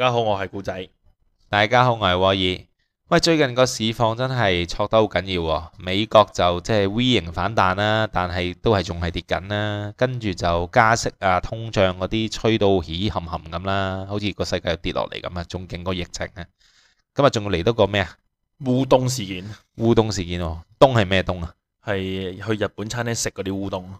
大家好，我係古仔。大家好，我係和爾。喂，最近個市況真係挫得好緊要喎。美國就即係 V 型反彈啦，但係都係仲係跌緊啦。跟住就加息啊，通脹嗰啲吹到起冚冚咁啦，好似個世界又跌落嚟咁啊，仲勁過疫情啊。今日仲嚟到個咩啊？烏冬事件。烏冬事件，冬係咩冬啊？係去日本餐廳食嗰啲烏冬。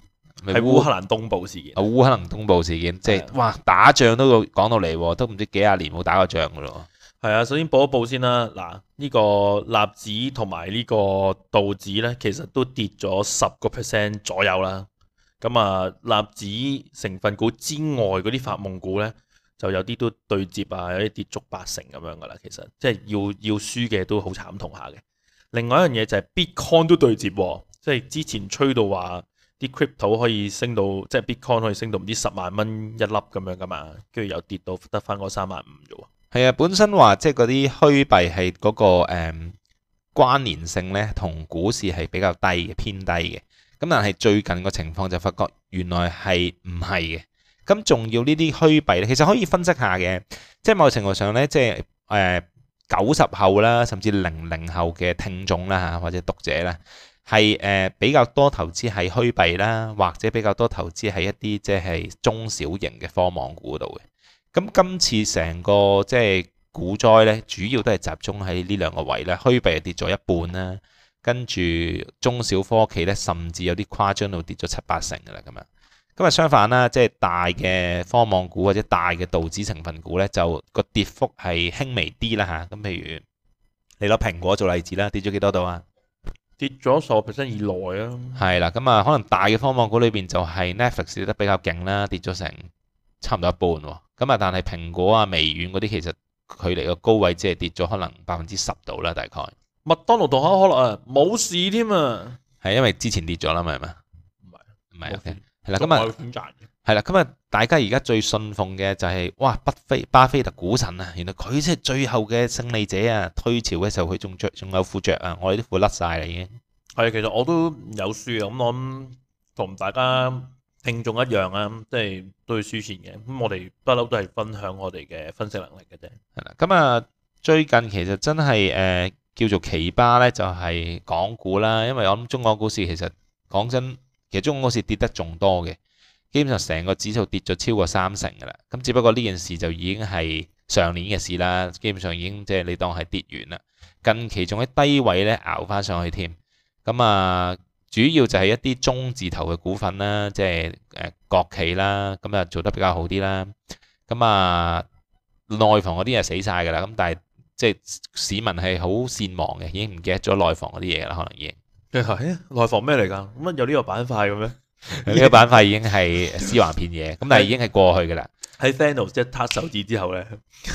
係烏克蘭東部事件，啊烏克蘭東部事件，的即係哇打仗都到講到嚟，都唔知幾廿年冇打過仗噶咯。係啊，首先報一報先啦。嗱，呢個納指同埋呢個道指咧，其實都跌咗十個 percent 左右啦。咁啊，納指成分股之外嗰啲發夢股咧，就有啲都對折啊，有啲跌足八成咁樣噶啦。其實即係要要輸嘅都好慘痛下嘅。另外一樣嘢就係 Bitcoin 都對折，即係之前吹到話。啲 crypto 可以升到，即係 Bitcoin 可以升到唔知十萬蚊一粒咁樣噶嘛。跟住又跌到得翻嗰三萬五啫喎。係啊，本身話即係嗰啲虛幣係嗰個誒關聯性咧，同股市係比較低嘅，偏低嘅。咁但係最近個情況就發覺原來係唔係嘅。咁仲要呢啲虛幣咧，其實可以分析下嘅，即係某程度上咧，即係誒九十後啦，甚至零零後嘅聽眾啦嚇，或者讀者啦。係誒、呃、比較多投資喺虛幣啦，或者比較多投資喺一啲即係中小型嘅科網股度嘅。咁今次成個即係股災咧，主要都係集中喺呢兩個位啦。虛幣跌咗一半啦，跟住中小科企咧，甚至有啲誇張到跌咗七八成噶啦咁啊。咁啊相反啦，即、就、係、是、大嘅科網股或者大嘅道指成分股咧，就個跌幅係輕微啲啦吓，咁、啊、譬如你攞蘋果做例子啦，跌咗幾多度啊？跌咗十 percent 以內啊！係啦，咁啊，可能大嘅科技股裏邊就係 Netflix 跌得比較勁啦，跌咗成差唔多一半喎。咁啊，但係蘋果啊、微軟嗰啲，其實距離個高位即係跌咗可能百分之十度啦，大概。麥當勞同可口可樂啊，冇事添啊！係因為之前跌咗啦，咪係嘛？唔係，唔係啊，係啦，咁啊。係啦，今日大家而家最信奉嘅就係、是、哇，巴菲巴菲特股神啊，原來佢即係最後嘅勝利者啊！退潮嘅時候，佢仲着仲有褲着啊，我哋啲褲甩晒啦已經。係，其實我都有輸啊，咁我諗同大家聽眾一樣啊，即係都會輸錢嘅，咁我哋不嬲都係分享我哋嘅分析能力嘅啫。係啦，咁啊，最近其實真係誒、呃、叫做奇葩咧，就係、是、港股啦，因為我諗中國股市其實講真，其實中國股市跌得仲多嘅。基本上成個指數跌咗超過三成㗎啦，咁只不過呢件事就已經係上年嘅事啦，基本上已經即係你當係跌完啦。近期仲喺低位咧熬翻上去添，咁啊主要就係一啲中字頭嘅股份啦，即係誒、呃、國企啦，咁啊做得比較好啲啦。咁啊內房嗰啲係死晒㗎啦，咁但係即係市民係好善忘嘅，已經唔記得咗內房嗰啲嘢啦，可能已經。係、哎、內房咩嚟㗎？乜有呢個板塊嘅咩？呢 個板塊已經係屍橫遍野，咁但係已經係過去㗎喇。喺 Fano 一踏手指之後咧，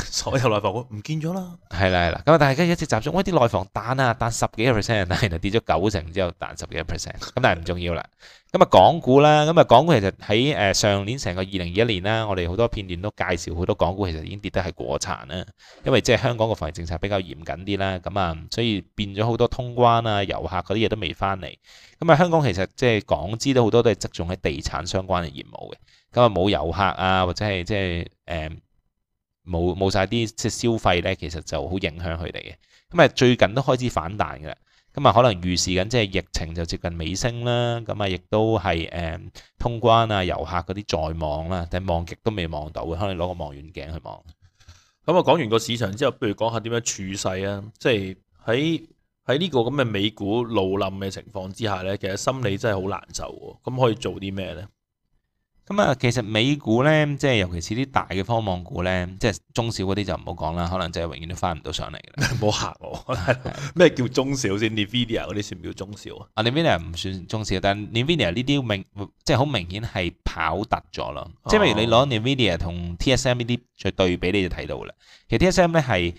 所有內房股唔見咗啦。係啦係啦，咁啊，但係而家一直集中，我啲內房彈啊，彈十幾個 percent，然後跌咗九成之後彈十幾個 percent，咁但係唔重要啦。咁、嗯、啊，港股啦，咁啊，港股其實喺誒、呃、上年成個二零二一年啦，我哋好多片段都介紹好多港股其實已經跌得係過殘啦，因為即係香港個防疫政策比較嚴謹啲啦，咁、嗯、啊，所以變咗好多通關啊、遊客嗰啲嘢都未翻嚟。咁、嗯、啊，香港其實即係港資都好多都係側重喺地產相關嘅業務嘅。咁啊冇遊客啊，或者係即係誒冇冇曬啲即消費咧，其實就好影響佢哋嘅。咁啊最近都開始反彈㗎啦，咁啊可能預示緊即係疫情就接近尾聲啦。咁啊亦都係誒、呃、通關啊，遊客嗰啲在望啦，定望極都未望到，可能攞個望遠鏡去望。咁啊講完個市場之後，不如講下點樣處勢啊？即係喺喺呢個咁嘅美股滷冧嘅情況之下咧，其實心理真係好難受喎。咁可以做啲咩咧？咁啊，其實美股咧，即係尤其是啲大嘅科網股咧，即係中小嗰啲就唔好講啦，可能就係永遠都翻唔到上嚟嘅。咪嚇我，咩 叫中小先？Nvidia 嗰啲算唔叫中小啊？Nvidia 唔算中小，但 Nvidia 呢啲明即係好明顯係跑突咗啦。即係、哦、譬如你攞 Nvidia 同 TSM 呢啲去對比，你就睇到啦。其實 TSM 咧係。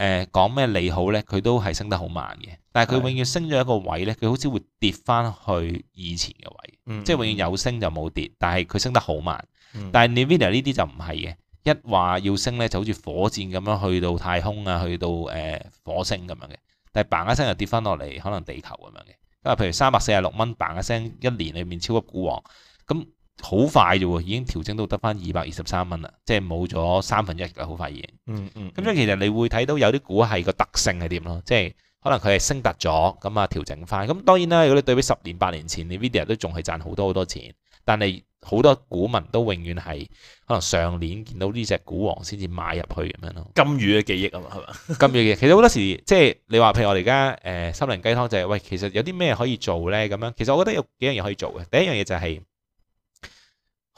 誒講咩利好咧，佢都係升得好慢嘅。但係佢永遠升咗一個位咧，佢好似會跌翻去以前嘅位，嗯、即係永遠有升就冇跌。但係佢升得好慢。嗯、但係 Nvidia 呢啲就唔係嘅，一話要升咧就好似火箭咁樣去到太空啊，去到誒、呃、火星咁樣嘅。但係嘭一聲又跌翻落嚟，可能地球咁樣嘅。因為譬如三百四十六蚊嘭一聲，一年裏面超級股王咁。好快啫，已經調整到得翻二百二十三蚊啦，即係冇咗三分一嘅好快嘢、嗯。嗯嗯，咁所以其實你會睇到有啲股係個特性係點咯，即係可能佢係升突咗，咁啊調整翻。咁當然啦，如果你對比十年八年前，你 NVIDIA 都仲係賺好多好多錢，但係好多股民都永遠係可能上年見到呢隻股王先至買入去咁樣咯。金魚嘅記憶啊嘛，係嘛？ 金魚嘅，其實好多時即係你話譬如我哋而家誒心靈雞湯就係、是、喂，其實有啲咩可以做咧咁樣。其實我覺得有幾樣嘢可以做嘅，第一樣嘢就係、是。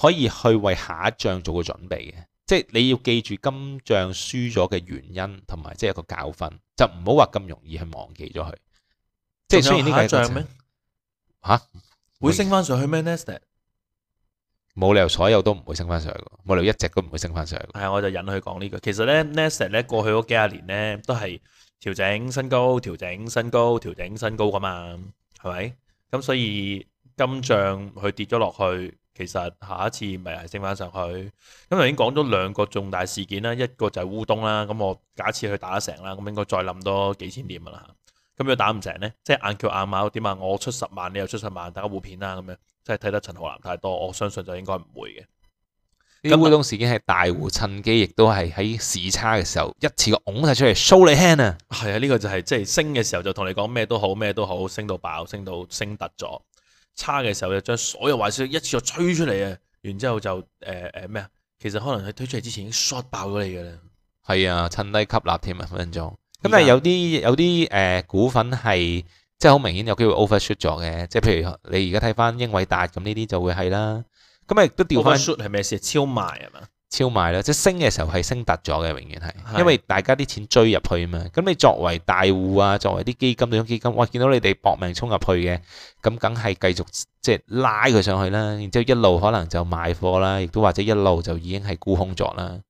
可以去為下一仗做個準備嘅，即係你要記住今仗輸咗嘅原因，同埋即係一個教訓，就唔好話咁容易去忘記咗佢。即係雖然呢一仗咩？吓，會升翻上去咩？Nest，冇理由所有都唔會升翻上去，冇理由一隻都唔會升翻上去。係，我就引佢講呢句。其實咧，Nest 咧過去嗰幾廿年咧都係調整新高、調整新高、調整新高噶嘛，係咪？咁所以今仗佢跌咗落去。其實下一次咪係升翻上去，咁已經講咗兩個重大事件啦，一個就係烏冬啦。咁我假設佢打成啦，咁應該再冧多幾千點噶啦，咁如果打唔成呢？即係硬橋硬馬，點啊？我出十萬，你又出十萬，打一戶片啦，咁樣，真係睇得陳浩南太多，我相信就應該唔會嘅。呢啲烏冬事件係大戶趁機，亦都係喺市差嘅時候，一次過拱晒出嚟，show 你 hand 啊！係啊，呢個就係即係升嘅時候，就同你講咩都好，咩都好，升到爆，升到升突咗。差嘅時候就將所有壞消息一次就吹出嚟啊，然之後就誒誒咩啊？其實可能喺推出嚟之前已經 short 爆咗你嘅啦。係啊，趁低吸納添啊，分分鐘。咁但係有啲有啲誒、呃、股份係即係好明顯有機會 over shoot 咗嘅，即係譬如你而家睇翻英偉達咁呢啲就會係啦。咁亦都掉翻。over shoot 係咩事？超賣係嘛？超賣啦，即係升嘅時候係升突咗嘅，永遠係，因為大家啲錢追入去啊嘛，咁你作為大戶啊，作為啲基金嗰種基金，哇，見到你哋搏命衝入去嘅，咁梗係繼續即係拉佢上去啦，然之後一路可能就賣貨啦，亦都或者一路就已經係沽空咗啦，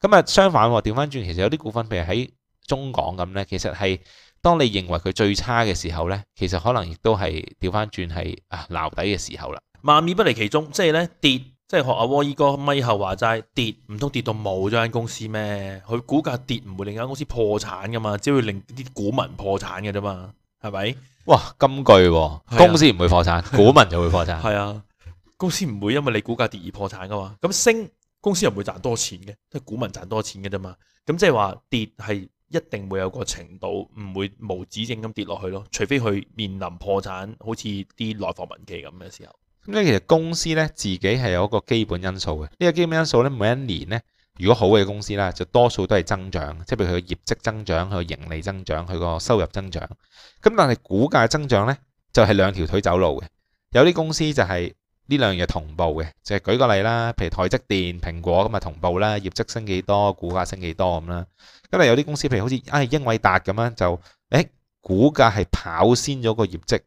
咁啊相反調翻轉，其實有啲股份，譬如喺中港咁咧，其實係當你認為佢最差嘅時候咧，其實可能亦都係調翻轉係啊撈底嘅時候啦。萬變不離其中，即係咧跌。即係學阿沃依哥咪後話齋，跌唔通跌到冇咗間公司咩？佢股價跌唔會令間公司破產噶嘛，只會令啲股民破產嘅啫嘛，係咪？哇，金句！啊，啊、公司唔會破產，啊、股民就會破產。係啊，公司唔會因為你股價跌而破產噶嘛。咁升公司又唔會賺多錢嘅，即係股民賺多錢嘅啫嘛。咁即係話跌係一定會有個程度，唔會無止境咁跌落去咯。除非佢面臨破產，好似啲內房民企咁嘅時候。咁咧，其實公司咧自己係有一個基本因素嘅。呢個基本因素咧，每一年咧，如果好嘅公司咧，就多數都係增長，即係譬如佢嘅業績增長、佢嘅盈利增長、佢個收入增長。咁但係股價增長咧，就係兩條腿走路嘅。有啲公司就係呢兩樣嘢同步嘅，就係舉個例啦，譬如台積電、蘋果咁啊，同步啦，業績升幾多，股價升幾多咁啦。咁啊，有啲公司譬如好似啊英偉達咁樣，就誒股價係跑先咗個業績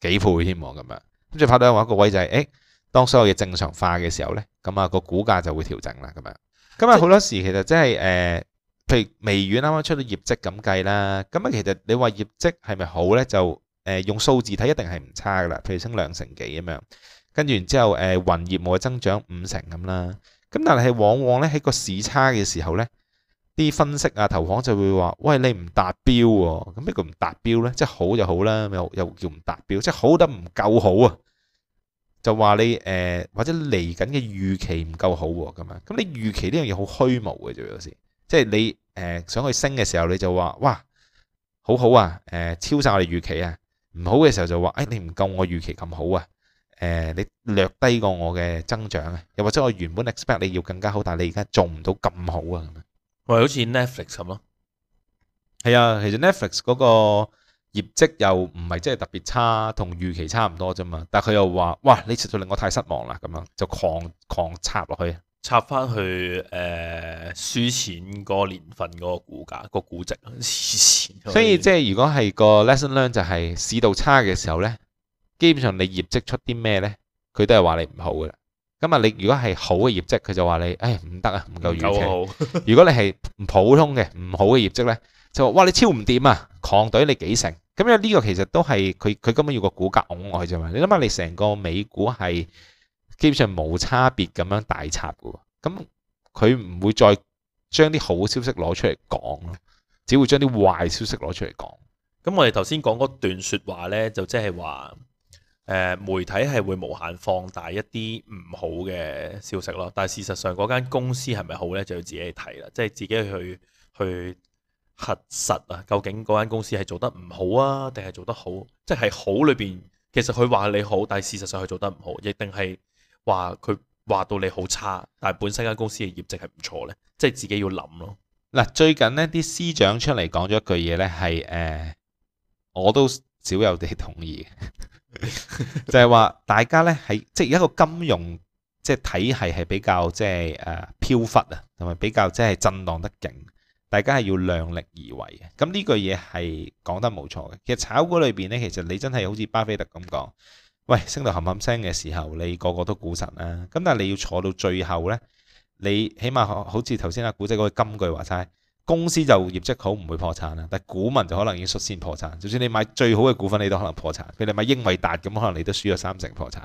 幾倍添喎咁樣！跟住拍到另一個位就係、是，誒、欸，當所有嘢正常化嘅時候咧，咁、那、啊個股價就會調整啦，咁樣。咁啊好多時其實即、就、係、是，誒、呃，譬如微軟啱啱出到業績咁計啦，咁啊其實你話業績係咪好咧？就，誒、呃，用數字睇一定係唔差噶啦，譬如升兩成幾咁樣，跟住然之後，誒、呃，雲業務嘅增長五成咁啦。咁但係往往咧喺個市差嘅時候咧，啲分析啊，投行就會話：喂你唔達標喎，咁咩叫唔達標咧？即係好就好啦，又又叫唔達標，即係好得唔夠好啊！就話你誒，或者你嚟緊嘅預期唔夠好咁樣啊！咁你預期呢樣嘢好虛無嘅，就有時即係你誒想去升嘅時候，你就話：哇，好好啊！誒超曬我哋預期啊！唔好嘅時候就話：誒你唔夠我預期咁好啊！誒你略低過我嘅增長啊！又或者我原本 expect 你要更加好，但係你而家做唔到咁好啊！喂好似 Netflix 咁咯，係啊，其實 Netflix 嗰個業績又唔係即係特別差，同預期差唔多啫嘛。但係佢又話：哇，你實在令我太失望啦！咁樣就狂狂插落去，啊，插翻去，誒輸錢個年份個股價、個估值。 所以即係如果係個 lesson learn 就係市道差嘅時候咧，基本上你業績出啲咩咧，佢都係話你唔好噶啦。咁啊！你如果係好嘅業績，佢就話你，誒唔得啊，唔夠預期。如果你係唔普通嘅，唔好嘅業績咧，就話哇你超唔掂啊，抗懟你幾成？咁因為呢個其實都係佢佢根本要個股價拱外啫嘛。你諗下，你成個美股係基本上冇差別咁樣大拆嘅，咁佢唔會再將啲好消息攞出嚟講咯，只會將啲壞消息攞出嚟講。咁我哋頭先講嗰段說話咧，就即係話。媒體係會無限放大一啲唔好嘅消息咯，但係事實上嗰間公司係咪好呢，就要自己去睇啦，即係自己去去核實啊，究竟嗰間公司係做得唔好啊，定係做得好？即係好裏邊，其實佢話你好，但係事實上佢做得唔好，亦定係話佢話到你好差，但係本身間公司嘅業績係唔錯呢，即係自己要諗咯。嗱，最近呢啲司長出嚟講咗一句嘢呢，係誒、呃，我都少有地同意。 就係話大家咧喺即係一個金融即係體系係比較即係誒飄忽啊，同埋比較即係震盪得勁，大家係要量力而為啊。咁呢句嘢係講得冇錯嘅。其實炒股裏邊咧，其實你真係好似巴菲特咁講，喂升到冚冚聲嘅時候，你個個都股神啦，啊。咁但係你要坐到最後咧，你起碼好似頭先阿古仔嗰句金句話齋。公司就業績好唔會破產啦，但股民就可能已經率先破產。就算你買最好嘅股份，你都可能破產。譬如你買英偉達咁，可能你都輸咗三成破產。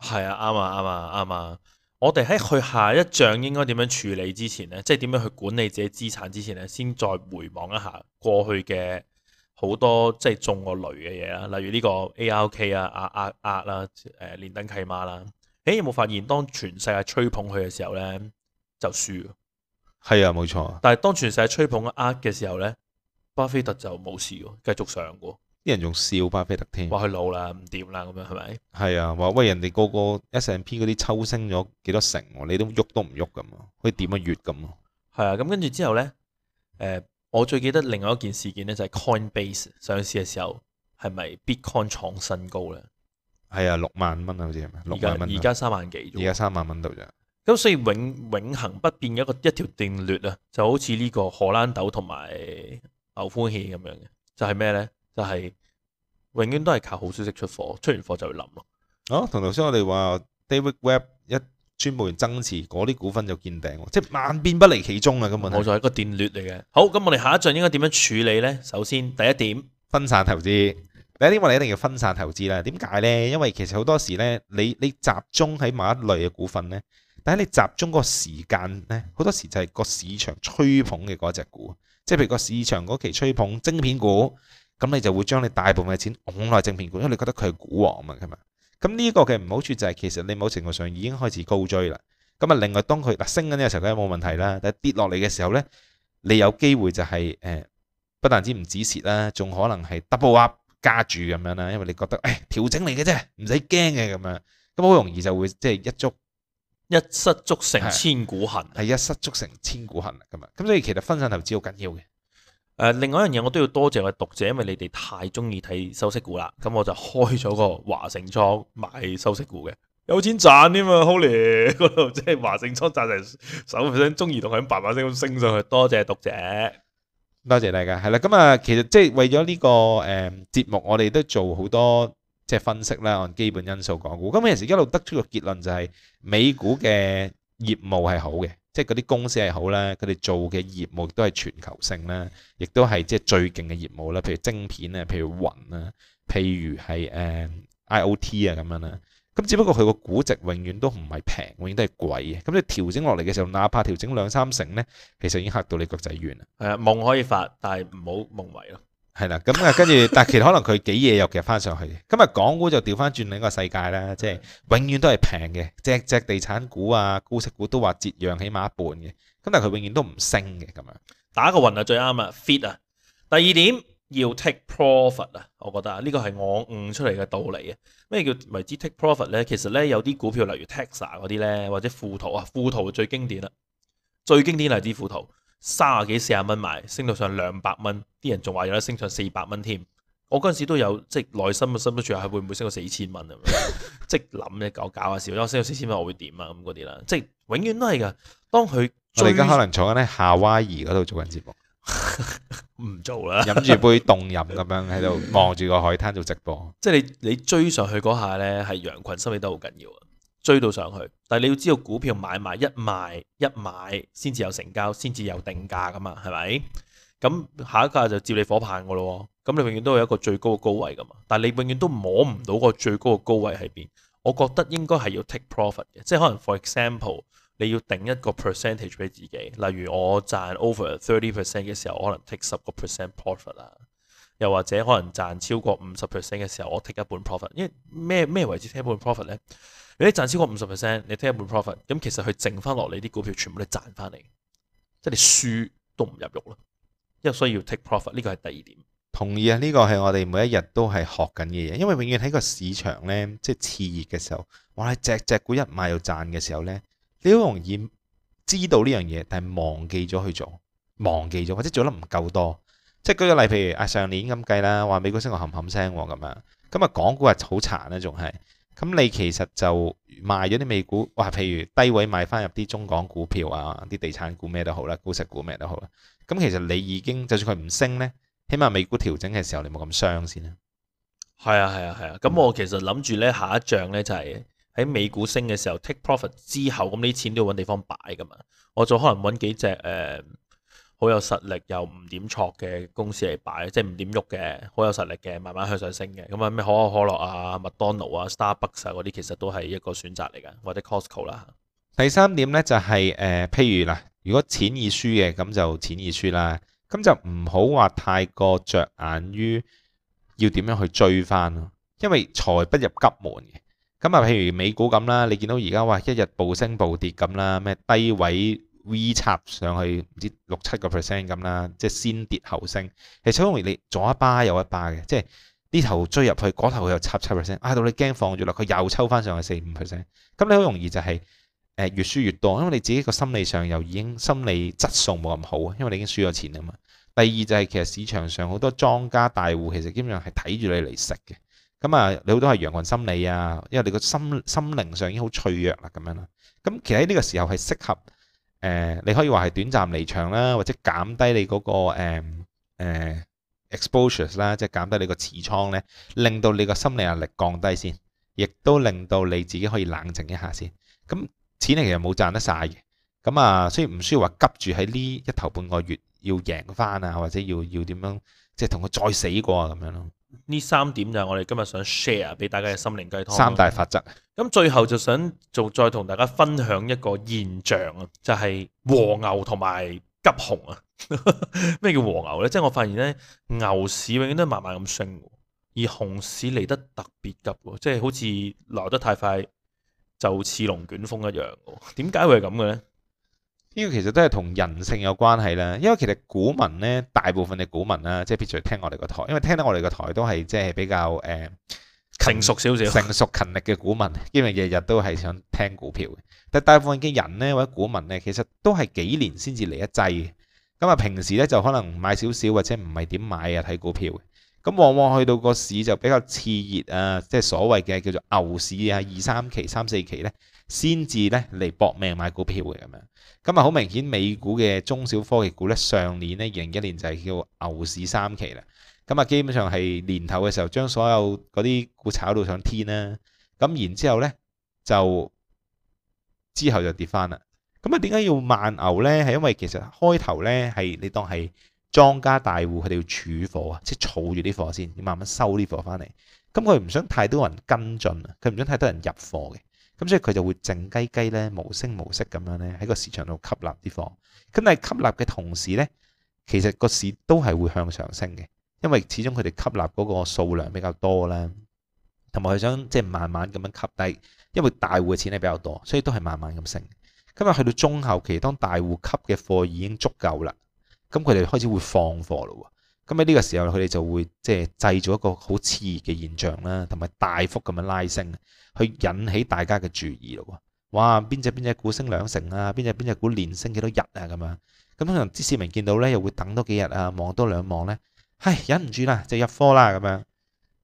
係啊，啱啊，啱啊，啱啊！我哋喺去下一仗應該點樣處理之前呢？即係點樣去管理自己資產之前呢？先再回望一下過去嘅好多即係中個雷嘅嘢啦，例如呢個 ARK 啊、啊啊啊，啦、誒連登契馬啦。誒有冇發現當全世界吹捧佢嘅時候呢，就輸。係啊，冇錯。但係當全世界吹捧厄嘅時候咧，巴菲特就冇事喎，繼續上喎。啲人仲笑巴菲特添，話佢老啦，唔掂啦，咁樣係咪？係啊，話喂，人哋個個 S&P 嗰啲抽升咗幾多成，啊，你都喐都唔喐咁可以點啊月咁啊？係、嗯、啊，咁跟住之後咧，誒、呃，我最記得另外一件事件咧，就係、是、Coinbase 上市嘅時候，係咪 Bitcoin 創新高咧？係啊，六萬蚊啊，好似係咪？六萬蚊。而家在三萬幾？而家三萬蚊度咋？咁所以永永恆不變嘅一個一條定律啊，就好似呢個荷蘭豆同埋牛歡喜咁樣嘅，就係、是、咩呢？就係、是、永遠都係靠好消息出貨，出完貨就會冧咯。啊、哦，同頭先我哋話 David Webb 一宣布完增持，嗰啲股份就見頂，即係萬變不離其宗啊！根本冇錯，係一個定律嚟嘅。好，咁我哋下一陣應該點樣處理呢？首先，第一點，分散投資。第一點，我哋一定要分散投資啦。點解呢？因為其實好多時呢，你你集中喺某一類嘅股份呢。但係你集中個時間咧，好多時就係個市場吹捧嘅嗰隻股，即係譬如個市場嗰期吹捧晶片股，咁你就會將你大部分嘅錢㧬落晶片股，因為你覺得佢係股王啊嘛，係咪？咁呢個嘅唔好處就係其實你某程度上已經開始高追啦。咁啊，另外當佢嗱、啊、升緊嘅時候梗冇問題啦，但係跌落嚟嘅時候咧，你有機會就係、是、誒、呃，不但止唔止蝕啦，仲可能係 double up 加住咁樣啦，因為你覺得誒調整嚟嘅啫，唔使驚嘅咁樣，咁好容易就會即係一足。一失足成千古恨，係一失足成千古恨啊！咁啊，咁所以其實分散投資好緊要嘅。誒、呃，另外一樣嘢我都要多謝我讀者，因為你哋太中意睇收息股啦，咁我就開咗個華盛倉買收息股嘅，有錢賺添啊！好靚， 嗰度即係華盛倉賺成首唔想中意同佢咁叭叭聲咁升上去。多謝讀者，多謝大家。係啦，咁啊，其實即係為咗呢、這個誒節、呃、目，我哋都做好多。即係分析啦，按基本因素講股，咁有陣時一路得出個結論就係美股嘅業務係好嘅，即係嗰啲公司係好啦，佢哋做嘅業務都係全球性啦，亦都係即係最勁嘅業務啦，譬如晶片啊，譬如雲啊，譬如係誒、uh, IoT 啊咁樣啦。咁只不過佢個估值永遠都唔係平，永遠都係貴嘅。咁你調整落嚟嘅時候，哪怕調整兩三成呢，其實已經嚇到你腳仔軟啦。係夢可以發，但係唔好夢為咯。係啦，咁啊， 跟 住，但其實可能佢幾夜又其實翻上去。今日港股就掉翻轉另一個世界啦，即、就、係、是、永遠都係平嘅，只只地產股啊、高息股都話折讓起碼一半嘅。咁但佢永遠都唔升嘅咁樣。打個雲就最啱啊 fit 啊。第二點要 take profit 啊，我覺得呢個係我悟出嚟嘅道理啊。咩叫為之 take profit 咧、啊？其實咧有啲股票，例如 taxa 嗰啲咧，或者富途啊，富途最經典啦，最經典係呢富途。三十幾四十蚊買，升到上兩百蚊，啲人仲話有得升上四百蚊添。我嗰陣時都有，即係內心都心都住係會唔會升到四千蚊啊？ 即係諗呢搞搞下事，如果升到四千蚊，我會點啊？咁嗰啲啦，即係永遠都係噶。當佢我而家可能坐緊咧夏威夷嗰度做緊直播，唔 不做啦了笑，飲住杯凍飲咁樣喺度望住個海灘做直播。 即係你你追上去嗰下咧，係羊群心理都好緊要啊！追到上去，但係你要知道股票買賣一賣一買先至有成交，先至有定價噶嘛，係咪？咁下一價就接你火棒噶咯，咁你永遠都有一個最高嘅高位噶嘛，但係你永遠都摸唔到個最高嘅高位喺邊。我覺得應該係要 take profit 嘅，即係可能 for example 你要定一個 percentage 俾自己，例如我賺 over thirty percent 嘅時候，可能 take 十個 percent profit 啊，又或者可能賺超過五十 percent 嘅時候，我 take 一半 profit，因為咩咩為止 take 一半 profit 呢？你賺超過五十 percent，你 take 一半 profit，咁其實佢剩翻落嚟啲股票全部都賺翻嚟，即係你輸都唔入肉咯，因為需要 take profit，呢個係第二點。同意啊，呢個係我哋每一日都係學緊嘅嘢，因為永遠喺個市場咧，即係熾熱嘅時候，哇，隻隻股一買又賺嘅時候咧，你好容易知道呢樣嘢，但係忘記咗去做，忘記咗或者做得唔夠多，即係舉個例，譬如阿上年咁計啦，話美國升我冚冚聲咁樣，咁啊港股啊好殘啊仲係。咁你其實就賣咗啲美股，哇！譬如低位買翻入啲中港股票啊，啲地產股咩都好啦，高息股咩都好啦。咁其實你已經就算佢唔升呢，起碼美股調整嘅時候你冇咁傷先啦。係啊係啊係啊！咁、啊啊、我其實諗住呢下一仗呢，就係喺美股升嘅時候 take profit 之後，咁啲錢都要揾地方擺㗎嘛。我仲可能揾幾隻誒。呃好有實力又唔點錯嘅公司嚟擺，即係唔點喐嘅，好有實力嘅，慢慢向上升嘅。咁啊，咩可口可樂啊、麥當勞啊、Starbucks 嗰啲，其，其實都係一個選擇嚟㗎，或者 Costco 啦。第三點呢，就係，就係誒，譬如嗱，如果錢易輸嘅，咁就錢易輸啦，咁就唔好話太過着眼於要點樣去追翻咯，因為財不入急門嘅。咁啊，譬如美股咁啦，你見到而家哇，一日暴升暴跌咁啦，咩低位？V 插上去唔知六七個 percent 咁啦，即係先跌後升，其實好容易你左一巴右一巴嘅，即係呢頭追入去，嗰頭又插七 percent，啊到你驚放住落，佢又抽翻上去四五 percent，咁你好容易就係誒越輸越多，因為你自己個心理上又已經心理質素冇咁好啊，因為你已經輸咗錢啊嘛。第二就係其實市場上好多莊家大戶其實基本上係睇住你嚟食嘅，咁啊你好多係羊羣心理啊，因為你個心心靈上已經好脆弱啦咁樣啦。咁其實喺呢個時候係適合。誒、呃，你可以話係短暫離場啦，或者減低你嗰、那個誒 exposure 啦，呃、Exp osure，即係減低你個持倉咧，令到你個心理壓力降低先，亦都令到你自己可以冷靜一下先。咁錢你其實冇賺得晒嘅，咁啊，所以唔需要話急住喺呢一頭半個月要贏翻啊，或者要要點樣，即係同佢再死過啊咁樣咯。呢三點就係我哋今日想 share 俾大家嘅心靈雞湯。三大法則。咁最後就想做再同大家分享一個現象啊，就係、是、慢牛同埋急熊啊。咩 叫慢牛呢？即、就、係、是、我發現呢，牛市永遠都係慢慢咁升，而熊市嚟得特別急，即、就、係、是、好似來得太快就似龍捲風一樣。點解會係咁嘅呢？呢個其實都係同人性有關係啦，因為其實股民呢，大部分嘅股民啦，即係譬如聽我哋個台，因為聽到我哋個台都係即係比較誒、呃、成熟少少、成熟勤力嘅股民，因為日日都係想聽股票，但大部分嘅人呢，或者股民呢，其實都係幾年先至嚟一劑，咁啊平時呢，就可能買少少或者唔係點買啊，睇股票。咁往往去到個市就比較熾熱啊，即係所謂嘅叫做牛市啊，二三期、三四期咧，先至咧嚟搏命買股票嘅咁樣。咁啊，好明顯，美股嘅中小科技股咧，上年咧二零二一年就係叫做牛市三期啦。咁啊，基本上係年頭嘅時候將所有嗰啲股炒到上天啦。咁然之後咧，就之後就跌返啦。咁啊，點解要慢牛咧？係因為其實開頭咧係你當係。莊家大戶佢哋要儲貨啊，即係儲住啲貨先，要慢慢收啲貨翻嚟。咁佢唔想太多人跟進啊，佢唔想太多人入貨嘅。咁所以佢就會靜雞雞咧，無聲無息咁樣咧喺個市場度吸納啲貨。咁但係吸納嘅同時呢，其實個市都係會向上升嘅，因為始終佢哋吸納嗰個數量比較多啦，同埋佢想即係慢慢咁樣吸低，因為大戶嘅錢係比較多，所以都係慢慢咁升。今日去到中後期，當大戶吸嘅貨已經足夠啦。咁佢哋開始會放貨咯喎，咁喺呢個時候佢哋就會即係、就是、製造一個好刺嘅現象啦，同埋大幅咁樣拉升，去引起大家嘅注意咯喎。哇，邊隻邊隻股升兩成隻隻升啊，邊隻邊隻股連升幾多日啊咁樣。咁可能啲市民見到咧，又會等多幾日啊，望多，多兩望咧，係忍唔住啦，就入貨啦咁樣。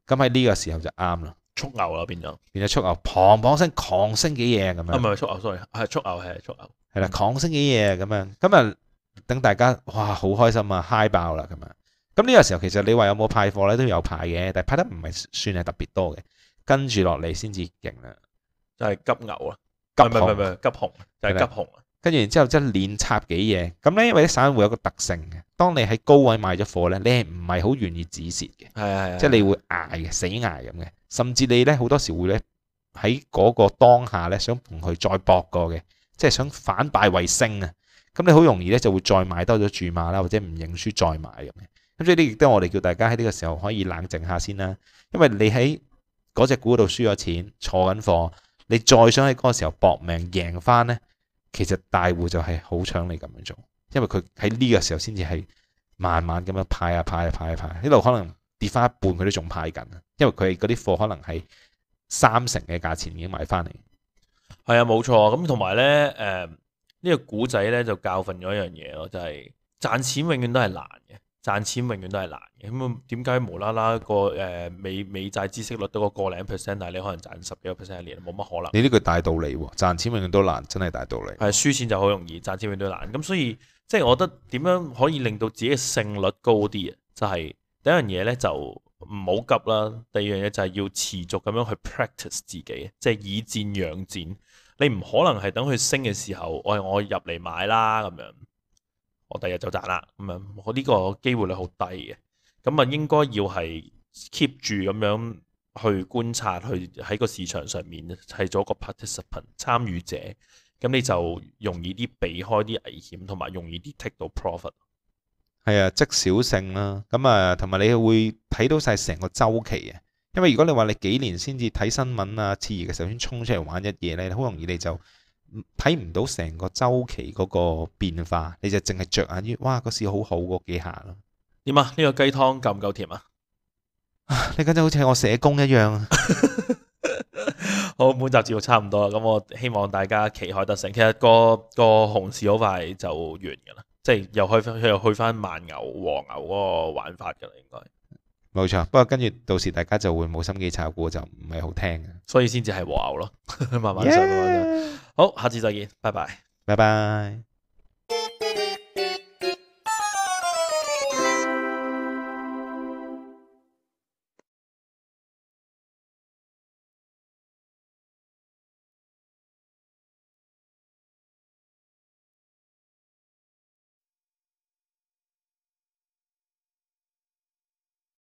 咁喺呢個時候就啱啦，速牛啦變咗，變咗速牛，砰砰聲狂升幾嘢咁樣。啊唔係速牛，sorry，係速牛係速牛，係啦，狂升幾嘢咁樣。今日、啊。等大家哇，好開心啊，嗨爆啦咁啊！咁呢個時候其實你話有冇派貨咧，都有派嘅，但係派得唔係算係特別多嘅。跟住落嚟先至勁啦，就係急牛啊，唔唔唔唔急紅，就係急紅。跟住然之後即係連插幾嘢。咁咧，因為啲散戶有個特性嘅，當你喺高位買咗貨咧，你係唔係好願意止蝕嘅？係係即係你會捱嘅，死捱咁嘅。甚至你咧好多時會咧喺嗰個當下咧想同佢再搏過嘅，即係想反敗為勝啊！咁你好容易咧就會再買多咗注碼啦，或者唔認輸再買咁嘅。咁所以呢亦都我哋叫大家喺呢個時候可以冷靜下先啦。因為你喺嗰隻股度輸咗錢，坐緊貨，你再想喺嗰個時候搏命贏翻呢，其實大戶就係好搶你咁樣做，因為佢喺呢個時候先至係慢慢咁樣派啊派啊派啊派啊。呢度可能跌翻一半佢都仲派緊，因為佢嗰啲貨可能係三成嘅價錢已經買翻嚟。係啊，冇錯。咁同埋呢。誒、呃。個呢個古仔咧就教訓咗一樣嘢咯，就係、是、賺錢永遠都係難嘅，賺錢永遠都係難嘅。咁啊，點解無啦啦個誒、呃、美美債孳息率都個個零 percent，但係你可能賺十幾個 percent 一年，冇乜可能。你呢句大道理喎、哦，賺錢永遠都難，真係大道理。係啊，輸錢就好容易，賺錢永遠都難。咁所以即係、就是、我覺得點樣可以令到自己嘅勝率高啲啊？就係、是、第一樣嘢咧就唔好急啦，第二樣嘢就係要持續咁樣去 practice 自己，即、就、係、是、以戰養戰。你唔可能係等佢升嘅時候，我我入嚟買啦咁樣，我第日就賺啦咁樣，我呢個機會率好低嘅。咁啊，應該要係 keep 住咁樣去觀察，去喺個市場上面係做一個 participant 參與者，咁你就容易啲避開啲危險，同埋容易啲 take 到 profit。係啊，即小勝啦。咁啊，同埋你會睇到晒成個周期嘅、啊。因為如果你話你幾年先至睇新聞啊，次日嘅時候首先衝出嚟玩一夜咧，好容易你就睇唔到成個周期嗰個變化，你就淨係着眼於哇個市好好嗰幾下咯。點啊？呢、這個雞湯夠唔夠甜啊？你簡直好似係我社工一樣啊！ 好，本集節目差唔多啦，咁我希望大家旗開得勝。其實、那個、那個熊市好快就完噶啦，即係又去翻又去翻慢牛、黃牛嗰個玩法噶啦，應該。冇錯，不過跟住到時大家就會冇心機炒股，就唔係好聽嘅。所以先至係慢牛咯， 慢慢上，Yeah. 慢慢上。好，下次再見，拜拜，拜拜。